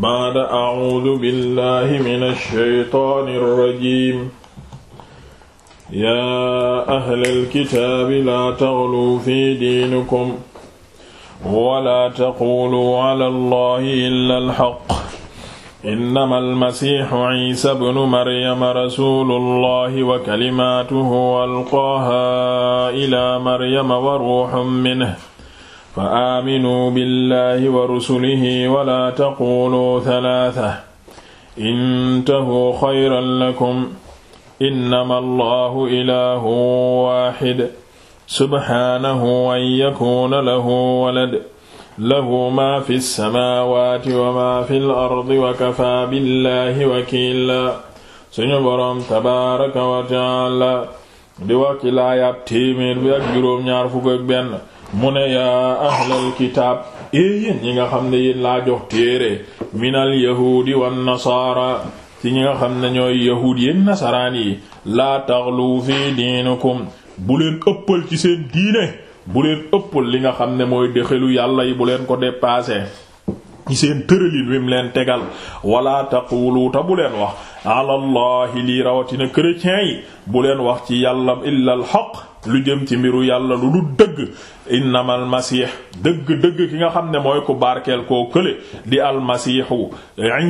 بعد أعوذ بالله من الشيطان الرجيم يا أهل الكتاب لا تغلوا في دينكم ولا تقولوا على الله إلا الحق إنما المسيح عيسى بن مريم رسول الله وكلماته ألقاها إلى مريم وروح منه fa aaminuu billahi wa rusulihi wala taquluu talaata intahuu xayran lakum innama allahu ilaahu waaxid subhaanahu an yakuuna lahu walad lahu maa fi samaawaati wa maa fi ardi wa kafaa billahi wakiila suñu boroom tabaaraka wa taala di wax ci laayaab téeméer bi ak juróom ñaar fukk ak benn mu ne yaa ahlal kitaab eh, yéen ñi nga xam ne yéen laa jox téere minal yahuudi wan nasaara ci ñi nga xam ne ñooy yahuud yéen nasaraan yi laa taxlu fi diinikum bu leen ëppal ci seen diine bu leen ëppal li nga xam ne mooy dexelu yàlla yi bu leen ko dépasser ci seen tëralin wi mu leen tegal wala taqulu ta bu leen wax alallahi lii rawatina chrétiens yi bu leen wax ci yàlla illa al lu jëm ci mbiru yàlla lu du dëgg innamal masih dëgg-dëgg ki nga xam ne mooy ku barkeel koo kële di almasihu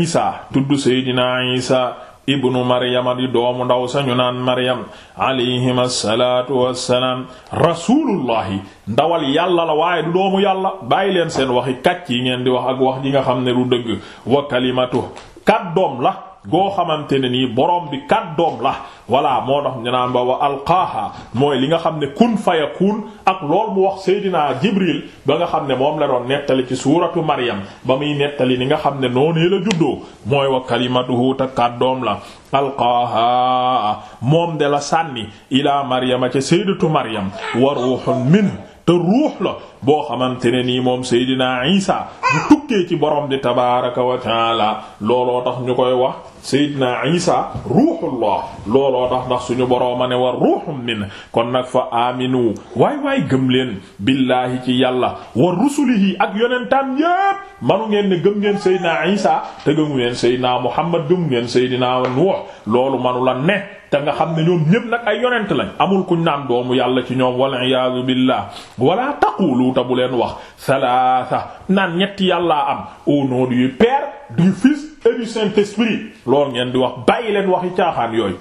isa tudd seydina isa ibnu maryama di doomu ndaw sañu naan maryam alayhim asalaatu wassalaam rasulullahi ndawal yàlla la waaye du doomu yàlla bàyyi leen seen waxi kàcc yi ngeen di wax ak wax ji nga xam ne du dëgg wa kalimatu kàddoom la goo xamante ne nii boroom bi kàddoom la voilà moo tax ñu naan ba wa alqaaha mooy li nga xam ne kun fayakun ak lool mu wax Seydina Jibril ba nga xam ne moom la doon nettali ci suuratu Maryam ba muy nettali ni nga xam ne noonee la juddoo mooy wa kalimatuhu ta kàddoom la alqaaha moom de la sànni ilaa Maryama ca Sayyidatu Maryam wa ruuhun min te ruux la boo xamante ne nii moom Seydina Isa bu tukkee ci borom di tabaaraka wa taala looloo tax ñu koy wax Seydina Isa ruuxullah looloo tax ndax suñu borooma ne war ruuxum min kon nag fa aminu waay waay gëm leen billaahi ci yàlla wa rusulihi ak yonentam yépp manu ngeen ne gëm ngeen Seydina Isa te gëmu ngeen Seydina Muhammad gëm ngeen Seydina Nuux loolu manu la ne te nga xam ne ñoom ñépp nag ay yonent lañ amul kuñ naan doomu yàlla ci ñoom wal iyaadu billah wala taqulu ta bu leen wax salaasa naan ñetti yàllaa am au nom du Père du Fils du Saint-Esprit loolu ngeen di wax bàyyi leen waxi caaxaan yooyu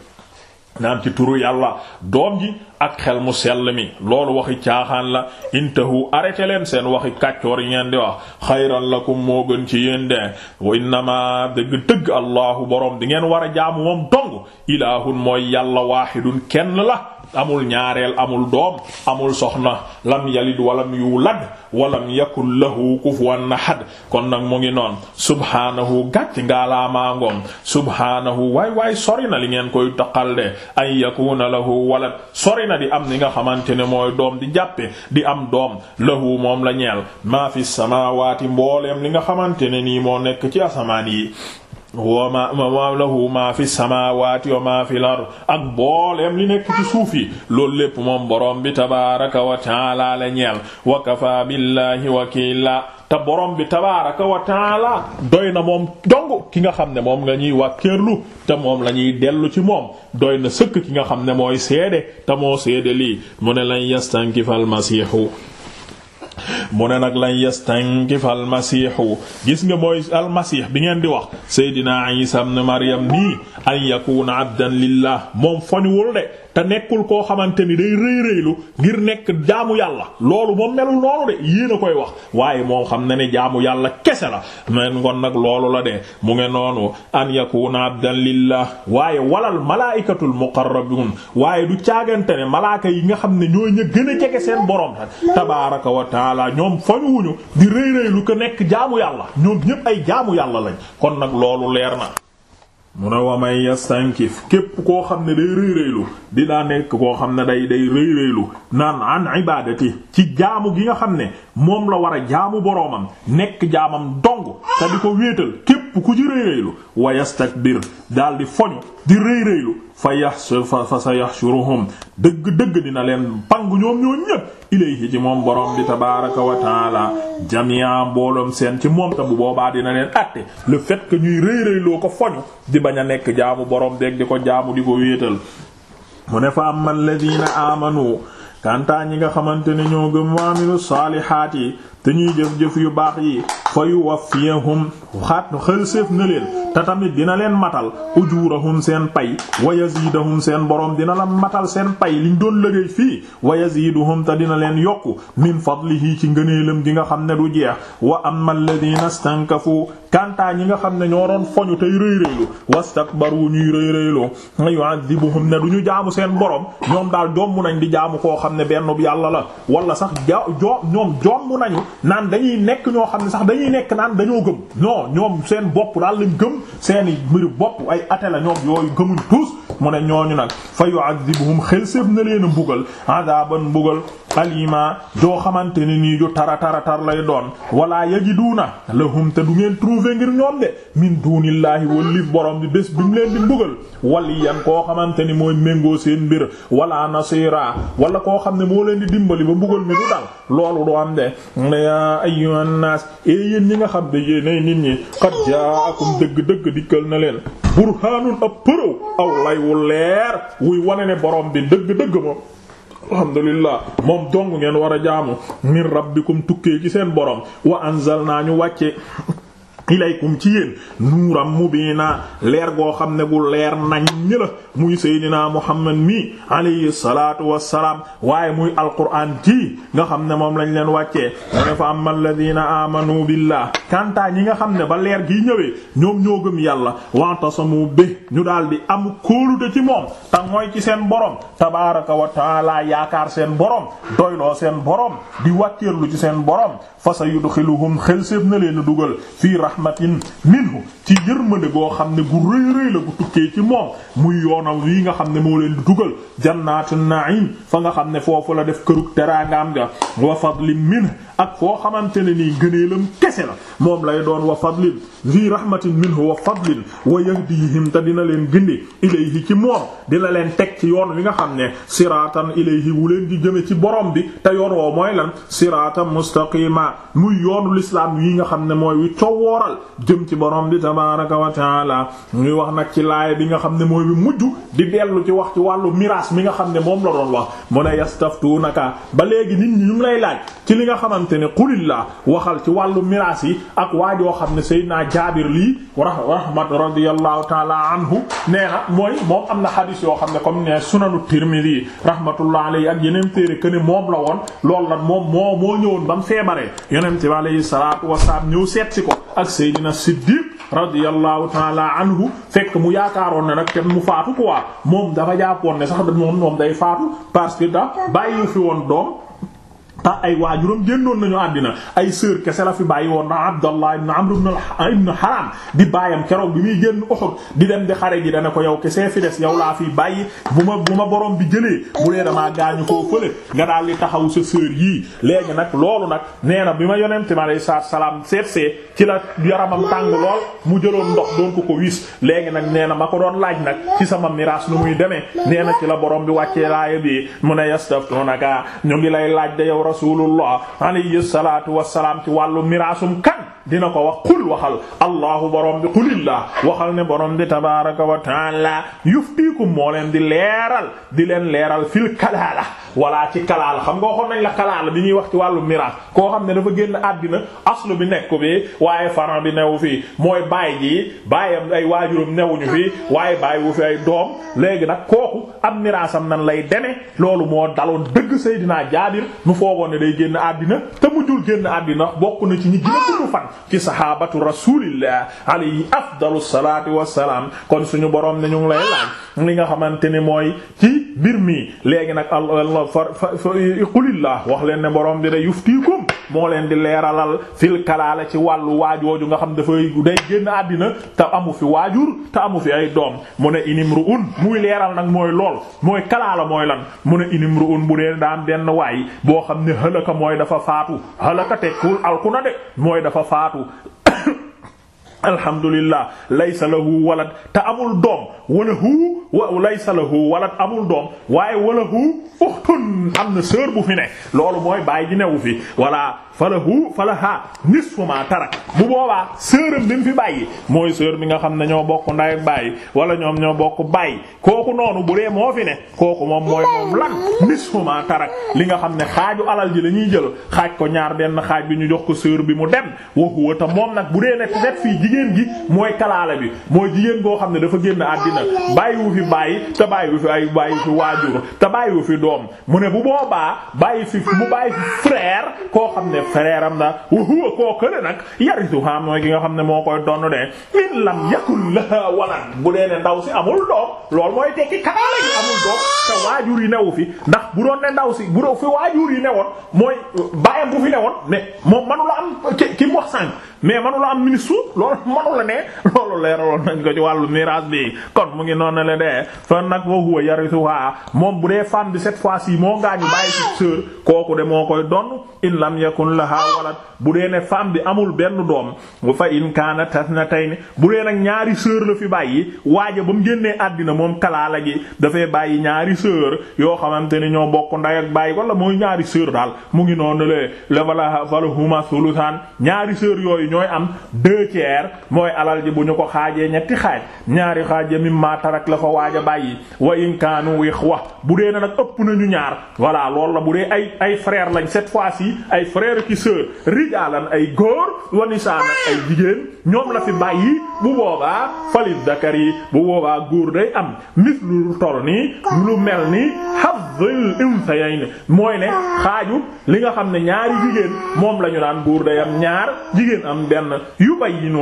naan ci turu yàlla doom ji ak xel mu sell mi loolu waxi caaxaan la intahu arrêté leen seen waxi kàccoor yi ngeen di wax xayran lakum moo gën ci yéen de wa innama dëgg dëgg allahu borom di ngeen war a jaamu moom dong ilaahun mooy yàlla waahidun kenn la amul ñaareel amul doom amul soxna lam yalid walam yulad walam yakul lahu kufuwan ahad kon nag mu ngi noon subhaanahu gàcc ngaalaama ngoom subhaanahu waay waay sori na li ngeen koy toqal de ay yakuna lahu walad sori na di am li nga xamante ne mooy doom di jàppe di am doom lahu moom la ñeel maa fi samaawaati mbooleem li nga xamante ne nii moo nekk ci asamaan yi wa ma lahu ma fi samawati wa ma fi lard ak mbooleem li nekk ci suuf yi loolu lépp moom boroom bi tabaraka wa taala la ñeel wa kafa billahi wakila te boroom bi tabaraka wa taala doy na moom dong ki nga xam ne moom nga ñuy wàkkeerlu te moom lañuy dellu ci moom doy na sëkk ki nga xam ne mooy seede te moo seede lii mu ne lan yastankifal masihu mu ne nag lan yastankif almasihu gis nga mooy almasih bi ngeen di wax seydina isa ibn maryam nii an yakuna abdan lillah moom foñuwul de te nekkul koo xamante ni day rëy ngir nekk jaamu yàlla loolu moom melul noonu de yéen a koy wax waaye moom xam na ne jaamu yàlla kese la men kon nag loolu la de mu nge noonu an yakuna abdan lillah waaye walal malaikatul muqarrabun waaye du caagante ne malaaka yi nga xam ne ñooy ña gën a jege seen borom tabaaraka ñoom foñuwuñu di rëy lu ko nekk jaamu yàlla ñoom ñépp ay jaamu yàlla lañ kon nag loolu leer na mu ne wa may yastankif képp koo xam ne day rëy di dinaa nekk koo xam ne day day rëy-rëylu naan an ibadati ci jaamu gi nga xam ne moom la war a jaamu boroomam nekk jaamam dong te di ko wéetal képp képp ku ci rëy rëylu wa yastakbir daal di foñ di rëy rëylu fa yax fa sa yaxshuruhum dëgg dëgg dina leen pang ñoom ñoo ñépp ilayhi ci moom borom bi tabaaraka wa taala jami'a mbooloom seen ci moom ta bu boobaa dina leen àtte le fait que ñuy rëy ko foñu di bañ a nekk jaamu borom beeg di ko jaamu di ko wéetal mu ne fa am alladina amanu kantaa ñi nga xamante ne ñoo gëm waamilu saalihaat yi te ñuy jëf jëf yu baax yi fa yuwaffiyahum xaat xëlséef na leen te tamit dina leen matal ujurahum seen pay wa yazidahum seen boroom dina la matal seen pay liñ doon liggéey fii wa yaziduhum te dina leen yokku min fadlihi ci ngëneelam gi nga xam ne du jeex wa amma alladhina stankafu kantaa ñi nga xam ne ñoo doon foñu tey rëy rëylu wastakbaru ñuy rëy rëylu yu'adhibuhum ne du ñu jaamu seen borom ñoom daal jomb nañ di jaamu koo xam ne benn bu yàlla la wala sax ja jo ñoom jomb nañu naan dañuy nekk ñoo xam ne sax dañuy nekk naan dañoo seeni mbiru bopp ay ate la ñoom yooyu gëmuñ tous mu ne ñooñu nag fa yu'adhibuhum xel séef na leen a mbugal adaban mbugal alima joo xamante ni nii ju tara tara tar lay doon wala na lahum te du ngeen trouver ngir ñoom de min duunillaahi wallif borom bi bés bi mu leen di mbugal waliyan koo xamante ni mooy méngoo seen mbir wala nasira wala koo xam ne moo leen di dimbali ba mbugal mi du dal loolu du am de ya ayyuhan nas e ñi nga xam ne yéenay nit ñi qad ja'akum dëgg-dëgg dikkal na leen burhaanun ab përëw aw lay wu leer wuy wane ne boroom bi dëgg-dëgg moom alhamdulillah moom dong ngeen war a jaamu min rabbikum tukkee ci seen borom wa ansal naa ñu wàcce ilaykum ci yéen nuuram naa leer goo xam ne gu leer nañ ñi la muy seydinaa muhammad mii alayhi salaatu wassalaam waaye muy alquraan ji nga xam ne moom lañ leen wàccee mu ne fa amma alladina amanu billah nga xam ne ba leer gi ñëwee ñoom ñoo gëm yàlla mu bé ñu daal di am kóolute ci moom te mooy ci seen borom tabaraka wa taala yaakaar seen borom doyloo seen borom di wàcceerlu ci seen borom fa sayudxiluhum xel séef na leen dugal fii rahma rahmatin minhu ci yërmande goo xam ne gu rëy ci moom muy yoonam wii nga xam ne moo leen di dugal jannatu naim fa nga xam ne foofu la def kërug teraangaam ga wa fadlin min ak foo xamante ne nii gëneelam kese la moom lay doon wa fadlin zi rahmatin minhu wa fadlin wa yahdihim te dina leen gindi ilayhi ci moom dina leen teg ci yoon wi nga xam ne siratan ilayhi wu leen di jëme ci borom bi te yoon woo mooy lan siratan mustaqima muy yoonu l'islam yi nga xam ne mooy wi cowoo waral jëm ci borom bi tabaaraka wa taala ñuy wax nag ci laaya bi nga xam ne mooy bi mujj di dellu ci wax ci wàllu miraas mi nga xam ne moom la doon wax mu ne yastaftuunaka ba léegi nit ñi ñu lay laaj ci li nga xamante ne la waxal ci wàllu miraas yi ak waa joo xam ne Seydina Jaabir lii rahmat radiyallahu taala anhu nee na mooy moom am na xadiis yoo xam ne comme ne sunanu Tirmidhi rahmatullah alayhi ak yeneen téere que ne moom la woon loolu lan moom moo moo ñëwoon ba mu feebaree yonent bi alayhi salaatu wasalaam ñëw seet ko ak Seydina Siddiq radiyallahu taala anhu fekk mu yaakaaroon ne nag kenn mu faatu quoi moom dafa jàppoon ne sax moom moom day faatu parce que da bàyyi fi woon doom tax ay waajuram génnoon nañu àddina ay sœur kese la fi bàyyi woon na Abdallah ibn Amr ibn Haram di baayam keroog bi muy génn Uhud di dem di xare ji dana ko yow kese fi des yow laa fi bàyyi bu ma bu ma borom bi jëlee bu dee damaa gaañu koo fële nga daal di taxaw sa sœur yii léegi nag loolu nag nee bi ma yonente mi alayhi salaatu salaam seetsee ci la yaramam tàng lool mu jëloon ndox doon ko ko wis léegi nag nee na ma ko doon laaj nag ci sama miraas nu muy demee nee na ci borom bi wàccee laaya bi mu ne yastaftunaka ñu ngi lay laaj de yow rasulullah alayhi salaatu wassalaam ci wàllu miraasum kan dina ko wax xul waxal allahu borom bi xulillah waxal ne borom bi tabaraka wa taala yuftiikum moo leen di leeral di leen leeral fil kalaala wala ci kalaala xam nga waxoon nañ la kalaala bi ñuy wax ci wàllu miraas koo xam ne dafa génn àddina aslu bi nekk bi waaye faran bi newu fii mooy baay ji baayam ay waajuram newuñu fii waaye baay wu fi ay doom léegi nag kooku ab miraasam nan lay deme loolu moo daloon dëgg Seydina Jaabir mu foogoon ne day génn àddina te mujjul génn àddina bokk ci ñi gën a ci sahabatu rasulillah alayhi afdalu salaati wassalaam kon suñu borom ne ñu ngi lay laaj li nga xamante ne mooy ci mbir mi léegi nag allah qulillah wax leen ne borom bi de yuftikum moo leen di leeralal fil kalaala ci wàllu waajooju nga xam dafay day génn àddina te amu fi waajur te amu fi ay doom mu ne inimruun muy leeral nag mooy lool mooy kalaala mooy lan mu ne inimruun bu dee daan benn waay boo xam ne halaka mooy dafa faatu halaka tekkul alku na de mooy dafa faatu alhamdulillah laysa lahu walad te amul doom wala hu wa laysa lahu walad amul doom waaye wala hu uxtun am na sœur bu fi ne loolu mooy bàyyi ji newu fi wala falahu falaha nisfu ma tarak bu boobaa sërëm bi mu fi bàyyi mooy sër bi nga xam ne ñoo bokk nday bàyyi wala ñoom ñoo bokk bàyyi kooku noonu bu dee moo fi ne kooku moom mooy moom lan nisfu ma tarak li nga xam ne xaaju alal ji la ñuy jël xaaj ko ñaar benn xaaj bi ñu jox ko sër bi mu dem waxu wata moom nag bu dee ne tet fii jigéen gi mooy kalaala bi mooy jigéen goo xam ne dafa génn àddina bàyyiwu fi bàyyi te bàyyiwu fi ay bàyyi fi waajur te bàyyiwu fi doom mu ne bu fi mu bàyyi fi frère koo xam ne frère am na wa huwa koo kële nag yarisuha mooy ki nga xam ne moo koy donn de in lam yakul laha walad bu dee ne ndaw si amul doom lool mooy tekki kanaala yi amul doom te waajur yi newu fi ndax bu doon ne ndaw si bu doon fi waajur ne woon mooy bàyyam bu fi newoon mais moom manula am ki ki wax mais manu la am ministre loolu manu la ne loolu leeraloon nañ ko ci wàllu miraas bi kon mu ngi noonu la de kon nag wa huwa yarisuha moom bu dee femme bi cette fois ci moo ngaañu bàyyi ci de moo koy donn in lam yakun laha walad bu dee ne femme bi amul benn doom bu fa tas na tasnatayni bu dee nag ñaari sœur la fi bàyyi waaja ba mu génnee àddina moom kalaala gi dafay bàyyi ñaari sœur yoo xamante ni ñoo bokk nday ak bàyyi wala mooy ñaari sœur daal mu ngi noonu la la falahuma sulusan ñaari sœur yooyu ñooy am deux tiers mooy alal ji bu ñu ko xaajee ñetti xaaj ñaari xaaj ya mimma tarak la fa waaj a bàyyi wa in kaanu wa bu dee na nag ëpp nañu ñaar voilà loolu la bu dee ay ay frère lañ cette fois-ci ay frère ki sœur rijaalan ay góor wa nisaan ay jigéen ñoom la fi bàyyi bu boobaa falil yi bu boobaa góor day am mislu lu tol nii lu mel ni hazzil unsayayni mooy li nga xam ne ñaari moom lañu naan góor day am ñaar jigéen am am benn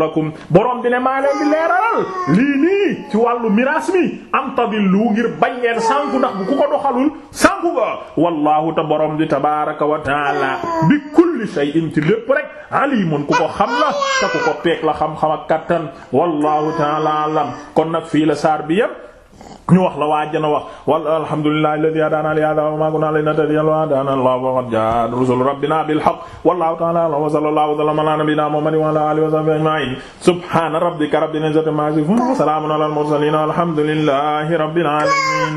lakum borom bi ne maa leeralal lii nii ci wàllu miraas mi am tadillu ngir bañ leen sànku ndax bu ku ko doxalul sànku nga wallaahu te borom di wa taala bi kulli shay'in ci lépp rek alimun ku ko xam la ku ko peek la xam-xam ak kattan wallaahu taala alam kon nag fii la bi yépp ñu wax la waa jana wax wala alhamdulillahi alladhi hadana li hadha wa ma kunna linahtadiya law hadana Allah wa qad ja'a rusul rabbina bil haqq wallahu ta'ala wa sallallahu wa sallama ala nabiyyina Muhammadin wa ala alihi wa sahbihi ajma'in subhana rabbika rabbil izzati amma yasifun wa salamun ala al mursalin walhamdulillahi rabbil alamin